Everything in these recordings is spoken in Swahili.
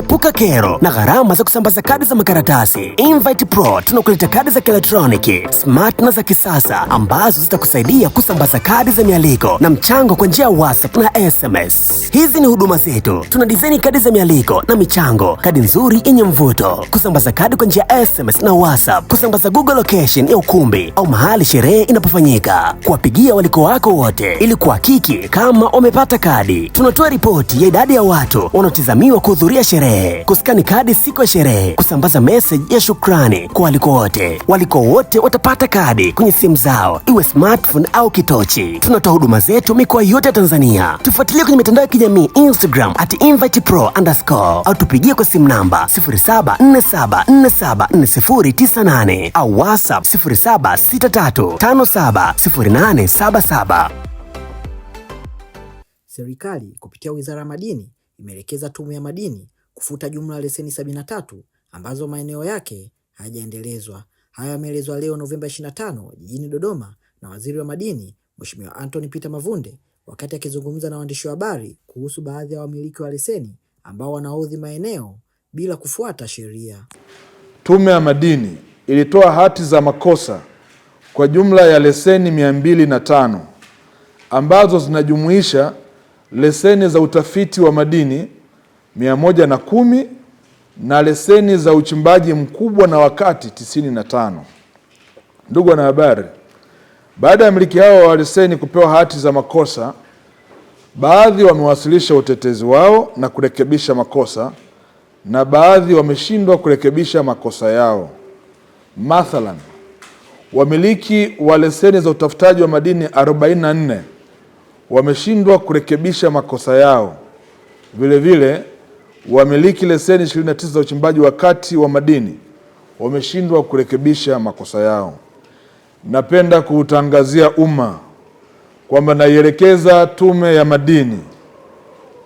Epuka kero na gharama za kusambaza kadi za makaratasi. Invite Pro tunakuleta kadi za kielektroniki smart na za kisasa ambazo zitakusaidia kusambaza kadi za mialiko na mchango kwa njia ya WhatsApp na SMS. Hizi ni huduma zetu. Tuna design kadi za mialiko na michango, kadi nzuri yenye mvuto, kusambaza kadi kwa njia ya SMS na WhatsApp, kusambaza Google location ya ukumbi au mahali sherehe inapofanyika, kuwapigia waliko wako wote ili kuhakiki kama wamepata kadi. Tunatoa ripoti ya idadi ya watu wanaotazamiwa kuhudhuria sherehe sherehe, kuskani kadi siku ya sherehe, kusambaza meseji ya shukrani kwa waliko wote. Waliko wote watapata kadi kwenye simu zao, iwe smartphone au kitochi. Tunatoa huduma zetu mikoa yote ya Tanzania. Tufuatilie kwenye mitandao ya kijamii Instagram at invite pro underscore, au tupigie kwa simu namba 0747474098 au WhatsApp 0763570877. Serikali kupitia Wizara ya Madini imeelekeza Tume ya Madini kufuta jumla ya leseni tatu ambazo maeneo yake hayajaendelezwa. Hayo yameelezwa leo Novemba 25 jijini Dodoma na Waziri wa Madini Mheshimiwa Anthony Peter Mavunde wakati akizungumza na waandishi wa habari kuhusu baadhi ya wamiliki wa leseni ambao wanaodhi maeneo bila kufuata sheria. Tume ya Madini ilitoa hati za makosa kwa jumla ya leseni tano ambazo zinajumuisha leseni za utafiti wa madini mia moja na kumi na leseni za uchimbaji mkubwa na wakati tisini na tano. Ndugu wanahabari, baada ya miliki hao wa leseni kupewa hati za makosa, baadhi wamewasilisha utetezi wao na kurekebisha makosa na baadhi wameshindwa kurekebisha makosa yao. Mathalan, wamiliki wa leseni za utafutaji wa madini 44 wameshindwa kurekebisha makosa yao. Vilevile wamiliki leseni 29 za uchimbaji wa kati wa madini wameshindwa kurekebisha makosa yao. Napenda kuutangazia umma kwamba naielekeza Tume ya Madini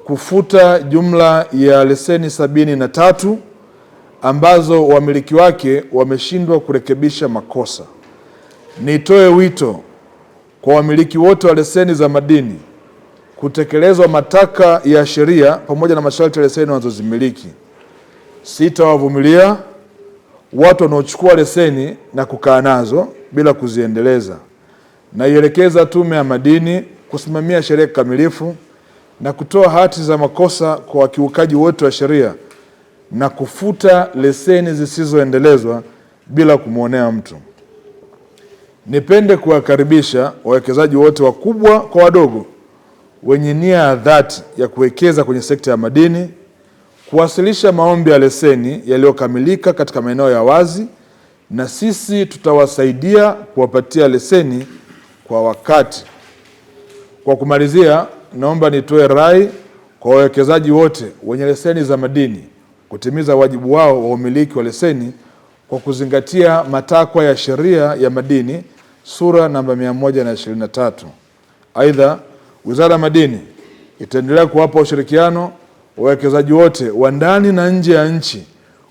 kufuta jumla ya leseni sabini na tatu ambazo wamiliki wake wameshindwa kurekebisha makosa. Nitoe wito kwa wamiliki wote wa leseni za madini kutekelezwa mataka ya sheria pamoja na masharti ya leseni wanazozimiliki. Sitawavumilia watu wanaochukua leseni na kukaa nazo bila kuziendeleza. Naielekeza Tume ya Madini kusimamia sheria kikamilifu na kutoa hati za makosa kwa wakiukaji wote wa sheria na kufuta leseni zisizoendelezwa bila kumwonea mtu. Nipende kuwakaribisha wawekezaji wote wakubwa kwa wadogo wenye nia ya dhati ya kuwekeza kwenye sekta ya madini kuwasilisha maombi ya leseni yaliyokamilika katika maeneo ya wazi, na sisi tutawasaidia kuwapatia leseni kwa wakati. Kwa kumalizia, naomba nitoe rai kwa wawekezaji wote wenye leseni za madini kutimiza wajibu wao wa umiliki wa leseni kwa kuzingatia matakwa ya sheria ya madini sura namba 123. Aidha, Wizara ya Madini itaendelea kuwapa ushirikiano wawekezaji wote wa ndani na nje ya nchi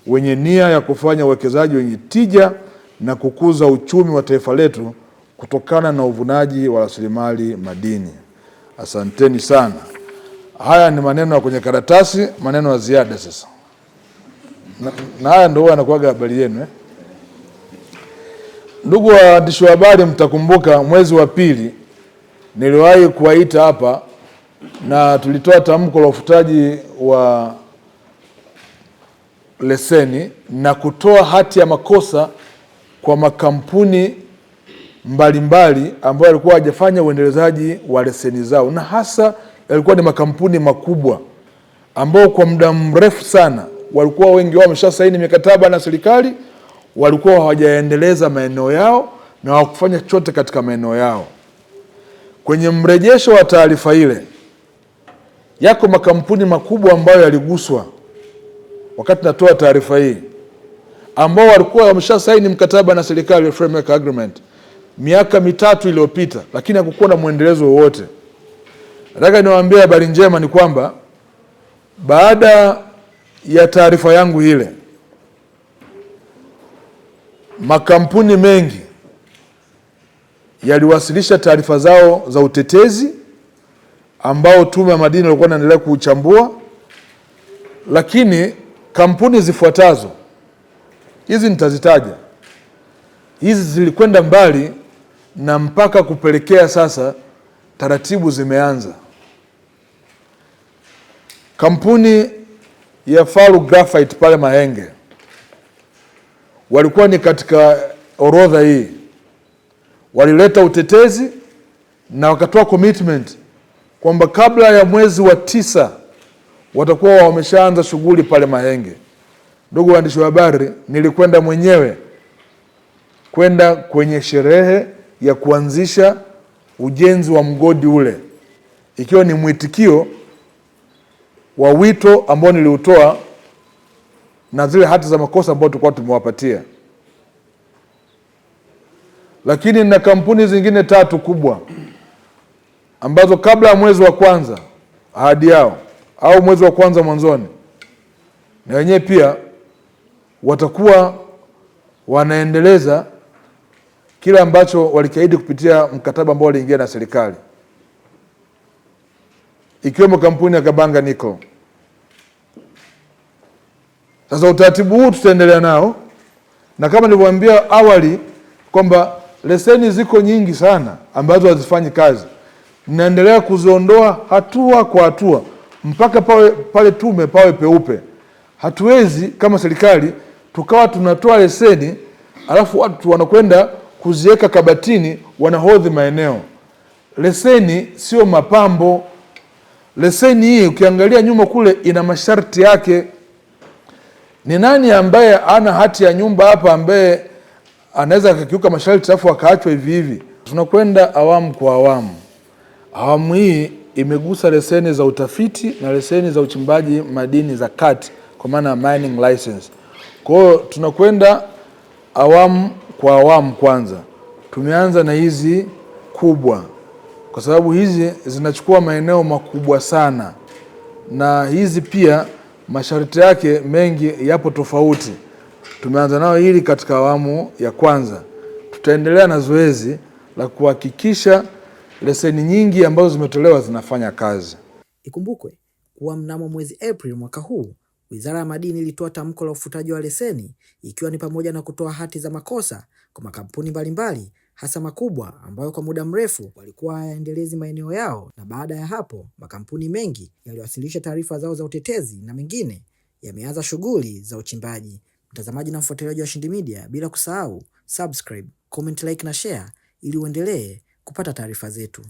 wenye nia ya kufanya uwekezaji wenye tija na kukuza uchumi wa taifa letu kutokana na uvunaji wa rasilimali madini. Asanteni sana. Haya ni maneno ya kwenye karatasi, maneno ya ziada sasa na, na haya ndio yanakuwaga habari yenu eh? Ndugu waandishi wa habari, mtakumbuka mwezi wa pili niliwahi kuwaita hapa na tulitoa tamko la ufutaji wa leseni na kutoa hati ya makosa kwa makampuni mbalimbali ambayo yalikuwa hajafanya uendelezaji wa leseni zao, na hasa yalikuwa ni makampuni makubwa ambao kwa muda mrefu sana walikuwa wengi wao wamesha saini mikataba na serikali, walikuwa hawajaendeleza maeneo yao na hawakufanya chochote katika maeneo yao. Kwenye mrejesho wa taarifa ile yako makampuni makubwa ambayo yaliguswa wakati natoa taarifa hii, ambao walikuwa wamesha saini mkataba na serikali framework agreement miaka mitatu iliyopita, lakini hakukuwa na mwendelezo wowote. Nataka niwaambie habari njema ni kwamba baada ya taarifa yangu ile makampuni mengi yaliwasilisha taarifa zao za utetezi ambao tume ya madini walikuwa naendelea kuuchambua, lakini kampuni zifuatazo hizi nitazitaja, hizi zilikwenda mbali na mpaka kupelekea sasa taratibu zimeanza. Kampuni ya Faru Graphite pale Mahenge walikuwa ni katika orodha hii walileta utetezi na wakatoa commitment kwamba kabla ya mwezi wa tisa watakuwa wameshaanza shughuli pale Mahenge. Ndugu waandishi wa habari, nilikwenda mwenyewe kwenda kwenye sherehe ya kuanzisha ujenzi wa mgodi ule, ikiwa ni mwitikio wa wito ambao niliutoa na zile hati za makosa ambao tulikuwa tumewapatia. Lakini na kampuni zingine tatu kubwa ambazo kabla ya mwezi wa kwanza ahadi yao au mwezi wa kwanza mwanzoni, na wenyewe pia watakuwa wanaendeleza kile ambacho walikiahidi kupitia mkataba ambao waliingia na serikali, ikiwemo kampuni ya Kabanga Nickel. Sasa utaratibu huu tutaendelea nao, na kama nilivyowaambia awali kwamba leseni ziko nyingi sana ambazo hazifanyi kazi. naendelea kuziondoa hatua kwa hatua mpaka pale, pale tume pawe peupe. Hatuwezi kama serikali tukawa tunatoa leseni alafu watu wanakwenda kuziweka kabatini, wanahodhi maeneo. Leseni sio mapambo. Leseni hii ukiangalia nyuma kule ina masharti yake. Ni nani ambaye ana hati ya nyumba hapa ambaye anaweza akakiuka masharti alafu akaachwa hivi hivi. Tunakwenda awamu kwa awamu. Awamu hii imegusa leseni za utafiti na leseni za uchimbaji madini za kati kwa maana mining license. Kwa hiyo tunakwenda awamu kwa awamu. Kwanza tumeanza na hizi kubwa, kwa sababu hizi zinachukua maeneo makubwa sana, na hizi pia masharti yake mengi yapo tofauti. Tumeanza nao hili katika awamu ya kwanza. Tutaendelea na zoezi la kuhakikisha leseni nyingi ambazo zimetolewa zinafanya kazi. Ikumbukwe kuwa mnamo mwezi Aprili mwaka huu Wizara ya Madini ilitoa tamko la ufutaji wa leseni ikiwa ni pamoja na kutoa hati za makosa kwa makampuni mbalimbali hasa makubwa ambayo kwa muda mrefu walikuwa hayaendelezi maeneo yao. Na baada ya hapo, makampuni mengi yaliwasilisha taarifa zao za utetezi na mengine yameanza shughuli za uchimbaji mtazamaji na mfuatiliaji wa Washindi Media, bila kusahau subscribe, comment, like na share ili uendelee kupata taarifa zetu.